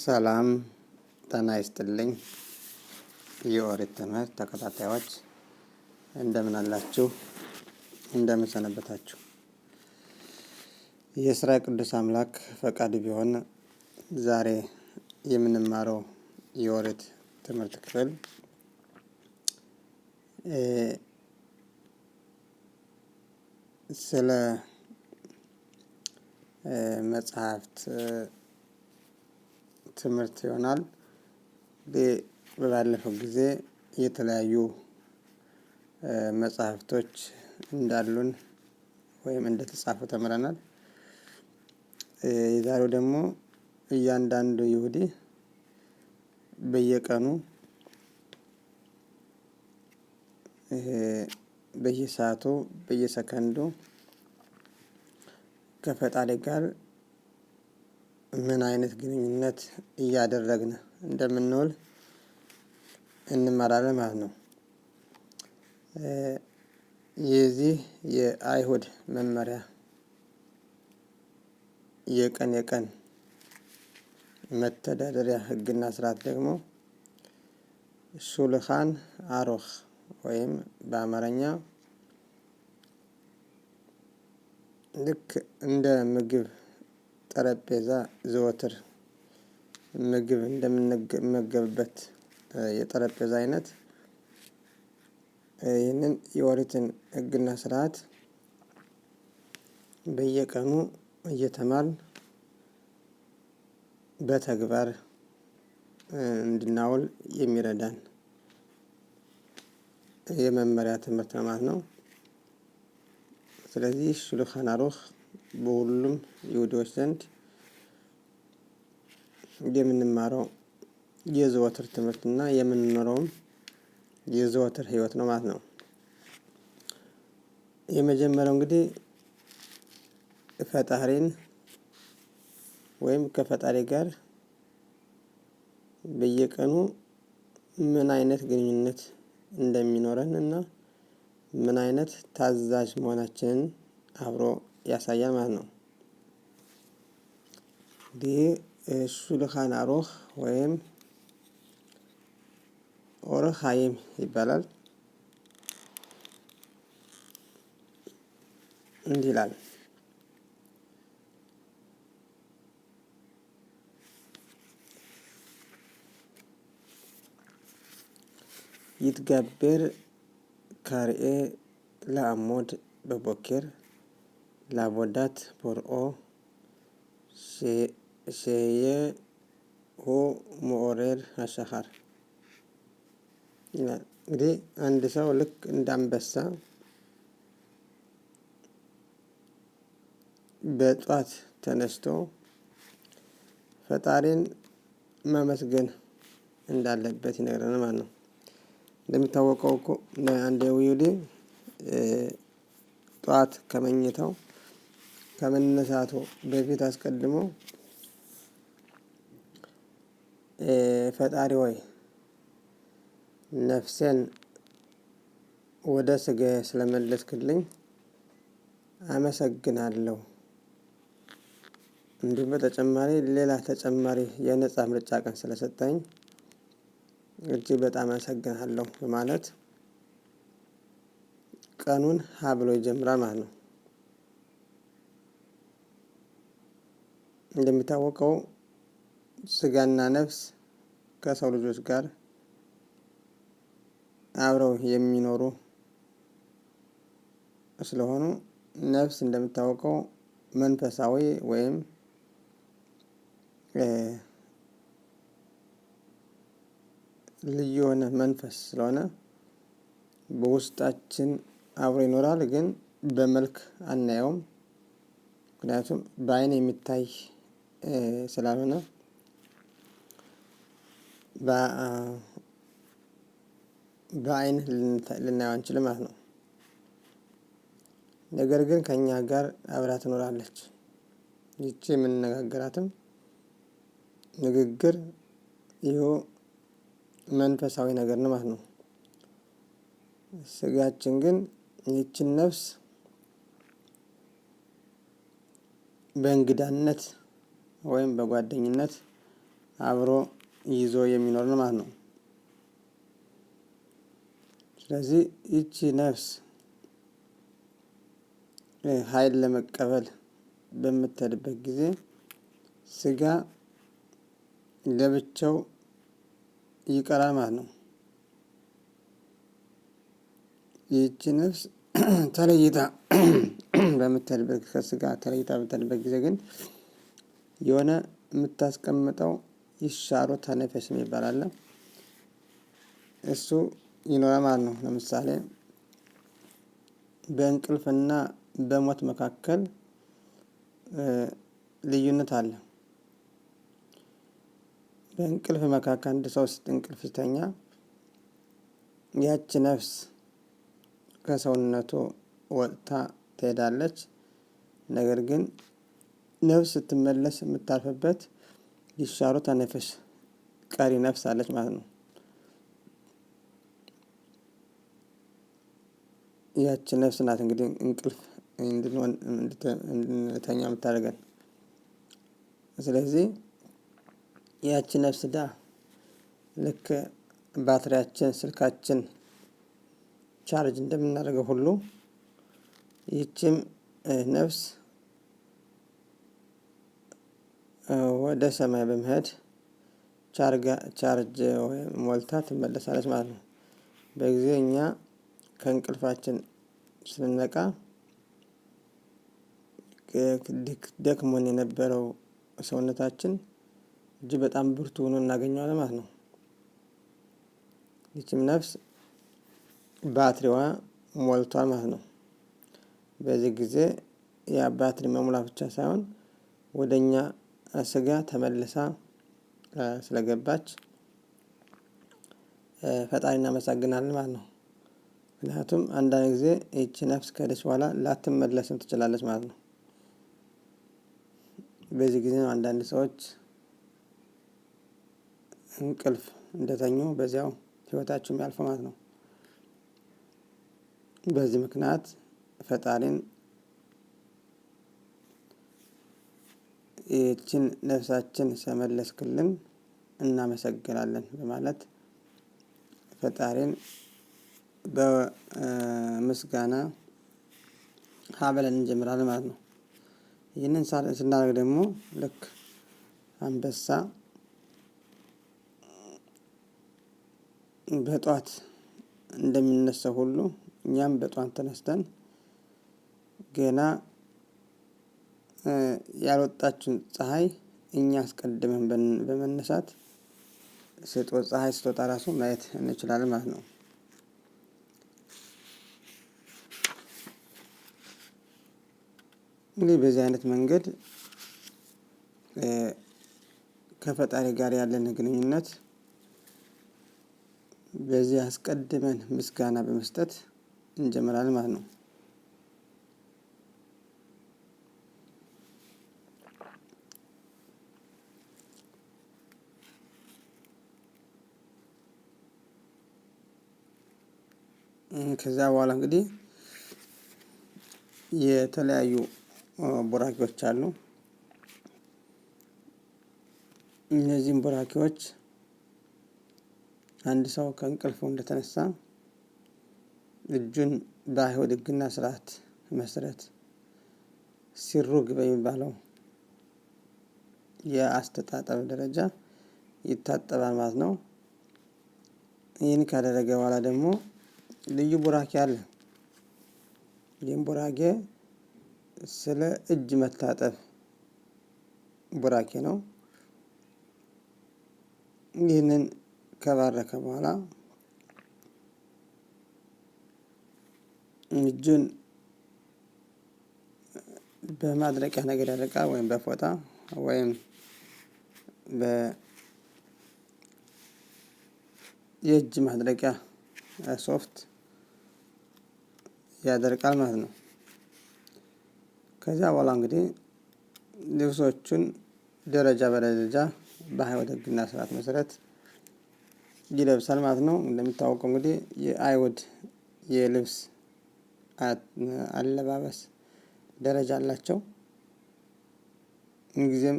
ሰላም ጤና ይስጥልኝ። የኦሪት ትምህርት ተከታታዮች እንደምን አላችሁ? እንደምን ሰነበታችሁ? የስራ ቅዱስ አምላክ ፈቃድ ቢሆን ዛሬ የምንማረው የኦሪት ትምህርት ክፍል ስለ መጽሐፍት ትምህርት ይሆናል። በባለፈው ጊዜ የተለያዩ መጽሐፍቶች እንዳሉን ወይም እንደተጻፉ ተምረናል። የዛሬው ደግሞ እያንዳንዱ ይሁዲ በየቀኑ በየሰአቱ በየሰከንዱ ከፈጣሪ ጋር ምን አይነት ግንኙነት እያደረግን እንደምንውል እንማራለን ማለት ነው። የዚህ የአይሁድ መመሪያ የቀን የቀን መተዳደሪያ ህግና ስርዓት ደግሞ ሹልሃን አሮህ ወይም በአማርኛ ልክ እንደ ምግብ ጠረጴዛ ዘወትር ምግብ እንደምንመገብበት የጠረጴዛ አይነት ይህንን የኦሪትን ሕግና ስርዓት በየቀኑ እየተማርን በተግባር እንድናውል የሚረዳን የመመሪያ ትምህርት ነው ማለት ነው። ስለዚህ ሹልሃን አሩኽ በሁሉም ይሁዲዎች ዘንድ የምንማረው የዘወትር ትምህርት እና የምንኖረውም የዘወትር ህይወት ነው ማለት ነው። የመጀመሪያው እንግዲህ ፈጣሪን ወይም ከፈጣሪ ጋር በየቀኑ ምን አይነት ግንኙነት እንደሚኖረን እና ምን አይነት ታዛዥ መሆናችንን አብሮ ያሳያል ማለት ነው። እንግዲህ ሹልሃን አሩህ ወይም ኦርህ ሀይም ይባላል። እንዲህ ይላል ይትገበር ካርኤ ለአሞድ በቦኬር l'avocat pour eux essayait ኦ መኦሬር አሸሃር ይላል። እንግዲህ አንድ ሰው ልክ እንደ አንበሳ በጧት ተነስቶ ፈጣሪን መመስገን እንዳለበት ይነግረን ማለት ነው። እንደሚታወቀው እኮ አንድ ይሁዲ ጠዋት ከመኝታው ከመነሳቱ በፊት አስቀድሞ ፈጣሪ ወይ ነፍሴን ወደ ስጋ ስለመለስክልኝ አመሰግናለሁ። እንዲሁም በተጨማሪ ሌላ ተጨማሪ የነጻ ምርጫ ቀን ስለሰጠኝ እጅግ በጣም አመሰግናለሁ በማለት ቀኑን ሀ ብሎ ይጀምራል ማለት ነው። እንደሚታወቀው ስጋና ነፍስ ከሰው ልጆች ጋር አብረው የሚኖሩ ስለሆኑ ነፍስ እንደሚታወቀው መንፈሳዊ ወይም ልዩ የሆነ መንፈስ ስለሆነ በውስጣችን አብሮ ይኖራል፣ ግን በመልክ አናየውም። ምክንያቱም በአይን የሚታይ ስላልሆነ በአይን ልናየው አንችልም ማለት ነው። ነገር ግን ከእኛ ጋር አብራ ትኖራለች። ይቺ የምንነጋገራትም ንግግር ይኸው መንፈሳዊ ነገር ነው ማለት ነው። ስጋችን ግን ይችን ነፍስ በእንግዳነት ወይም በጓደኝነት አብሮ ይዞ የሚኖር ነው ማለት ነው። ስለዚህ ይቺ ነፍስ ኃይል ለመቀበል በምትሄድበት ጊዜ ስጋ ለብቻው ይቀራል ማለት ነው። ይህቺ ነፍስ ተለይታ በምትሄድበት ከስጋ ተለይታ በምትሄድበት ጊዜ ግን የሆነ የምታስቀምጠው ይሻሮ ተነፈስ የሚባል እሱ ይኖራል ማለት ነው። ለምሳሌ በእንቅልፍና በሞት መካከል ልዩነት አለ። በእንቅልፍ መካከል አንድ ሰው ውስጥ እንቅልፍ ስተኛ ያች ነፍስ ከሰውነቱ ወጥታ ትሄዳለች። ነገር ግን ነፍስ ስትመለስ የምታርፍበት ይሻሩ ተነፍስ ቀሪ ነፍስ አለች ማለት ነው። ያቺ ነፍስ ናት እንግዲህ እንቅልፍ እንድንተኛ የምታደርገን። ስለዚህ ያቺ ነፍስ ዳ ልክ ባትሪያችን ስልካችን ቻርጅ እንደምናደርገው ሁሉ ይችም ነፍስ ወደ ሰማይ በመሄድ ቻርጅ ወይም ሞልታ ትመለሳለች ማለት ነው። በጊዜ እኛ ከእንቅልፋችን ስንነቃ ደክሞን የነበረው ሰውነታችን እጅ በጣም ብርቱ ሆኖ እናገኘዋለን ማለት ነው። ይችም ነፍስ ባትሪዋ ሞልቷል ማለት ነው። በዚህ ጊዜ ያ ባትሪ መሙላ ብቻ ሳይሆን ወደ እኛ ስጋ ተመልሳ ስለገባች ፈጣሪ እናመሰግናለን ማለት ነው። ምክንያቱም አንዳንድ ጊዜ ይቺ ነፍስ ከደች በኋላ ላትመለስም ትችላለች ማለት ነው። በዚህ ጊዜ ነው አንዳንድ ሰዎች እንቅልፍ እንደተኙ በዚያው ህይወታቸው የሚያልፈው ማለት ነው። በዚህ ምክንያት ፈጣሪን ይህችን ነፍሳችን ስለመለስክልን እናመሰግናለን በማለት ፈጣሪን በምስጋና ሀበለን እንጀምራለን ማለት ነው። ይህንን ስናደርግ ደግሞ ልክ አንበሳ በጧት እንደሚነሳው ሁሉ እኛም በጧት ተነስተን ገና ያልወጣችው ፀሐይ እኛ አስቀድመን በመነሳት ፀሐይ ስትወጣ ራሱ ማየት እንችላለን ማለት ነው። እንግዲህ በዚህ አይነት መንገድ ከፈጣሪ ጋር ያለን ግንኙነት በዚህ አስቀድመን ምስጋና በመስጠት እንጀምራለን ማለት ነው። ከዚያ በኋላ እንግዲህ የተለያዩ ቡራኪዎች አሉ። እነዚህም ቡራኪዎች አንድ ሰው ከእንቅልፉ እንደተነሳ እጁን በአይሁድ ሕግና ስርዓት መሰረት ሲሩግ በሚባለው የአስተጣጠብ ደረጃ ይታጠባል ማለት ነው። ይህን ካደረገ በኋላ ደግሞ ልዩ ቡራኬ አለ። ይህም ቡራኬ ስለ እጅ መታጠብ ቡራኬ ነው። ይህንን ከባረከ በኋላ እጁን በማድረቂያ ነገር ያደርቃል፣ ወይም በፎጣ ወይም የእጅ ማድረቂያ ሶፍት ያደርቃል ማለት ነው። ከዚያ በኋላ እንግዲህ ልብሶቹን ደረጃ በደረጃ በአይሁድ ሕግና ስርዓት መሰረት ይለብሳል ማለት ነው። እንደሚታወቀው እንግዲህ የአይሁድ የልብስ አለባበስ ደረጃ አላቸው። ምንጊዜም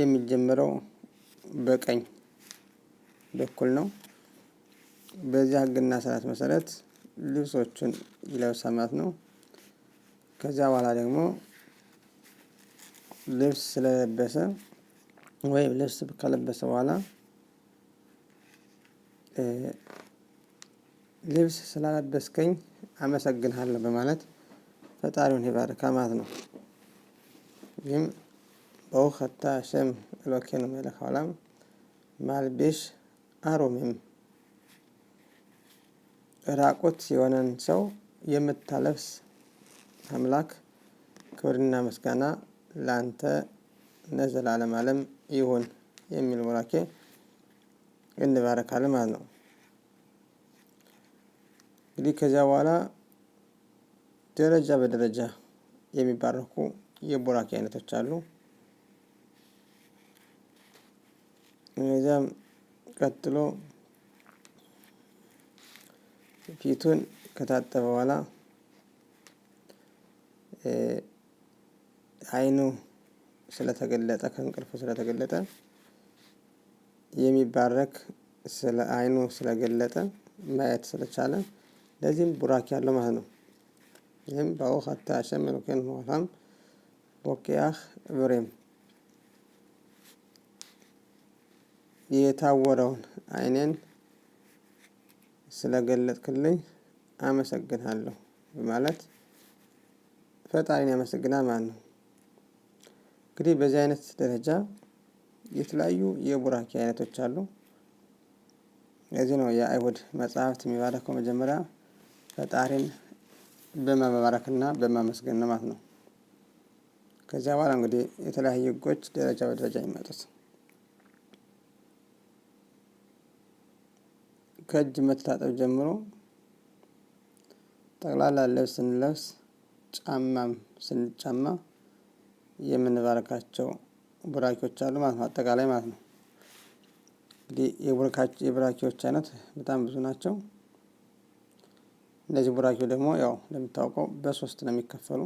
የሚጀምረው በቀኝ በኩል ነው። በዚህ ህግና ስርዓት መሰረት ልብሶቹን ይለብሳል ማለት ነው። ከዚያ በኋላ ደግሞ ልብስ ስለለበሰ ወይም ልብስ ከለበሰ በኋላ ልብስ ስላለበስከኝ አመሰግንሃለሁ በማለት ፈጣሪውን ይባርካ ማለት ነው። ይህም በውኸታ ሸም ሎኬ ነው ኋላም ማልቤሽ አሮሜም ራቁት የሆነን ሰው የምታለብስ አምላክ ክብርና ምስጋና ለአንተ ነዘላለም ዓለም ይሁን የሚል ቡራኬ እንባረካለን ማለት ነው። እንግዲህ ከዚያ በኋላ ደረጃ በደረጃ የሚባረኩ የቡራኬ አይነቶች አሉ። እነዚያም ቀጥሎ ፊቱን ከታጠበ በኋላ አይኑ ስለተገለጠ ከእንቅልፉ ስለተገለጠ የሚባረክ ስለ አይኑ ስለገለጠ ማየት ስለቻለ ለዚህም ቡራክ ያለው ማለት ነው። ይህም በአው ሸመልኬን ኋላም ቦኪያህ ብሬም የታወረውን አይኔን ስለገለጥክልኝ አመሰግናለሁ በማለት ፈጣሪን ያመሰግናል ማለት ነው። እንግዲህ በዚህ አይነት ደረጃ የተለያዩ የቡራኪ አይነቶች አሉ። እዚህ ነው የአይሁድ መጽሐፍት የሚባረከው መጀመሪያ ፈጣሪን በመባረክና በማመስገን ማለት ነው። ከዚያ በኋላ እንግዲህ የተለያዩ ህጎች ደረጃ በደረጃ ይመጡት ከእጅ መታጠብ ጀምሮ ጠቅላላ ልብስ ስንለብስ ጫማም ስንጫማ የምንባረካቸው ቡራኪዎች አሉ ማለት ነው። አጠቃላይ ማለት ነው። እንግዲህ የቡራኪዎች አይነት በጣም ብዙ ናቸው። እነዚህ ቡራኪዎች ደግሞ ያው እንደሚታወቀው በሶስት ነው የሚከፈሉ።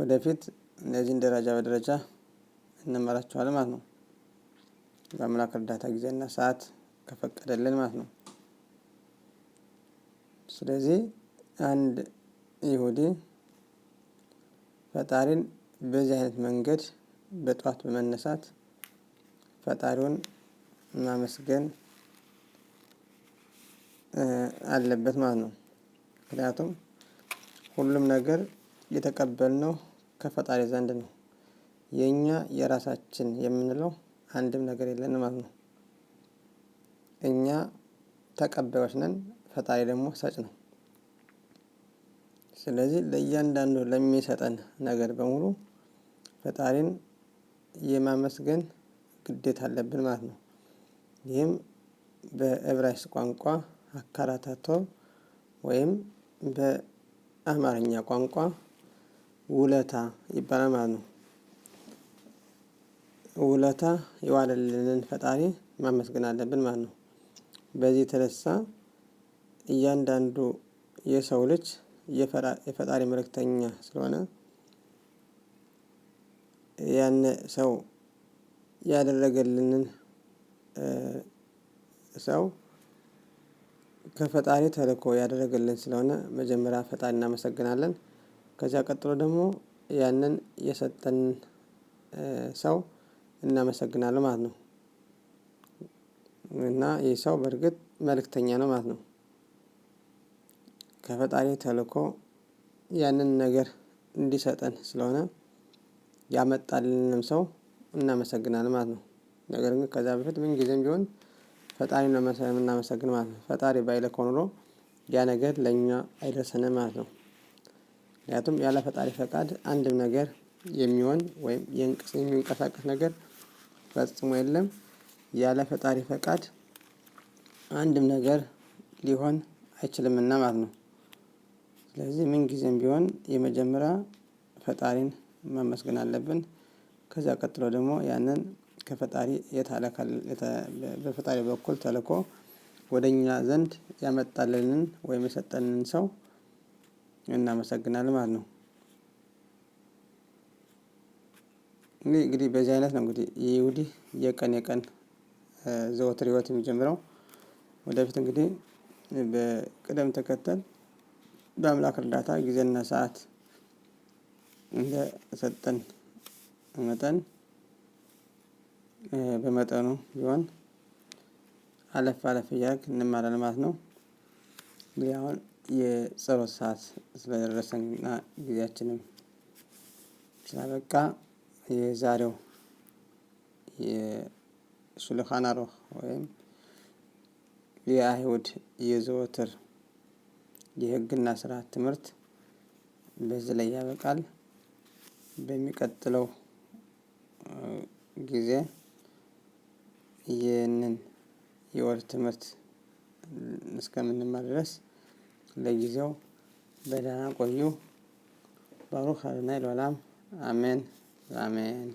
ወደፊት እነዚህን ደረጃ በደረጃ እንመራቸዋለን ማለት ነው። በአምላክ እርዳታ ጊዜና ሰዓት ከፈቀደልን ማለት ነው። ስለዚህ አንድ ይሁዲ ፈጣሪን በዚህ አይነት መንገድ በጠዋት በመነሳት ፈጣሪውን ማመስገን አለበት ማለት ነው። ምክንያቱም ሁሉም ነገር የተቀበልነው ከፈጣሪ ዘንድ ነው። የእኛ የራሳችን የምንለው አንድም ነገር የለን ማለት ነው። እኛ ተቀባዮች ነን፣ ፈጣሪ ደግሞ ሰጭ ነው። ስለዚህ ለእያንዳንዱ ለሚሰጠን ነገር በሙሉ ፈጣሪን የማመስገን ግዴታ አለብን ማለት ነው። ይህም በዕብራይስጥ ቋንቋ አካራታቶ ወይም በአማርኛ ቋንቋ ውለታ ይባላል ማለት ነው። ውለታ የዋለልንን ፈጣሪ ማመስገን አለብን ማለት ነው። በዚህ የተነሳ እያንዳንዱ የሰው ልጅ የፈጣሪ መልእክተኛ ስለሆነ ያን ሰው ያደረገልንን ሰው ከፈጣሪ ተልእኮ ያደረገልን ስለሆነ መጀመሪያ ፈጣሪ እናመሰግናለን። ከዚያ ቀጥሎ ደግሞ ያንን የሰጠን ሰው እናመሰግናለን ማለት ነው። እና ይህ ሰው በእርግጥ መልእክተኛ ነው ማለት ነው። ከፈጣሪ ተልኮ ያንን ነገር እንዲሰጠን ስለሆነ ያመጣልንም ሰው እናመሰግናለን ማለት ነው። ነገር ግን ከዛ በፊት ምን ጊዜም ቢሆን ፈጣሪ ነው የምናመሰግን ማለት ነው። ፈጣሪ ባይለኮ ኑሮ ያ ነገር ለእኛ አይደርሰንም ማለት ነው። ምክንያቱም ያለ ፈጣሪ ፈቃድ አንድም ነገር የሚሆን ወይም የሚንቀሳቀስ ነገር ፈጽሞ የለም። ያለ ፈጣሪ ፈቃድ አንድም ነገር ሊሆን አይችልምና ማለት ነው። ስለዚህ ምን ጊዜም ቢሆን የመጀመሪያ ፈጣሪን ማመስገን አለብን። ከዚያ ቀጥሎ ደግሞ ያንን ከፈጣሪ በፈጣሪ በኩል ተልኮ ወደ እኛ ዘንድ ያመጣልንን ወይም የሰጠንን ሰው እናመሰግናለን ማለት ነው። እንግዲህ በዚህ አይነት ነው እንግዲህ ይህ የቀን የቀን ከዘወትር ህይወት የሚጀምረው። ወደፊት እንግዲህ በቅደም ተከተል በአምላክ እርዳታ ጊዜና ሰዓት እንደሰጠን መጠን በመጠኑ ቢሆን አለፍ አለፍ እያደረግ እንማራለን ማለት ነው። እንግዲህ አሁን የጸሎት ሰዓት ስለደረሰና ጊዜያችንም ስላበቃ የዛሬው ሹልኻን አሩህ ወይም የአይሁድ የዘወትር የህግና ስርዓት ትምህርት በዚህ ላይ ያበቃል። በሚቀጥለው ጊዜ ይህንን የወር ትምህርት እስከምንማር ድረስ ለጊዜው በደህና ቆዩ። ባሩክ አድናይ ለዓለም አሜን አሜን።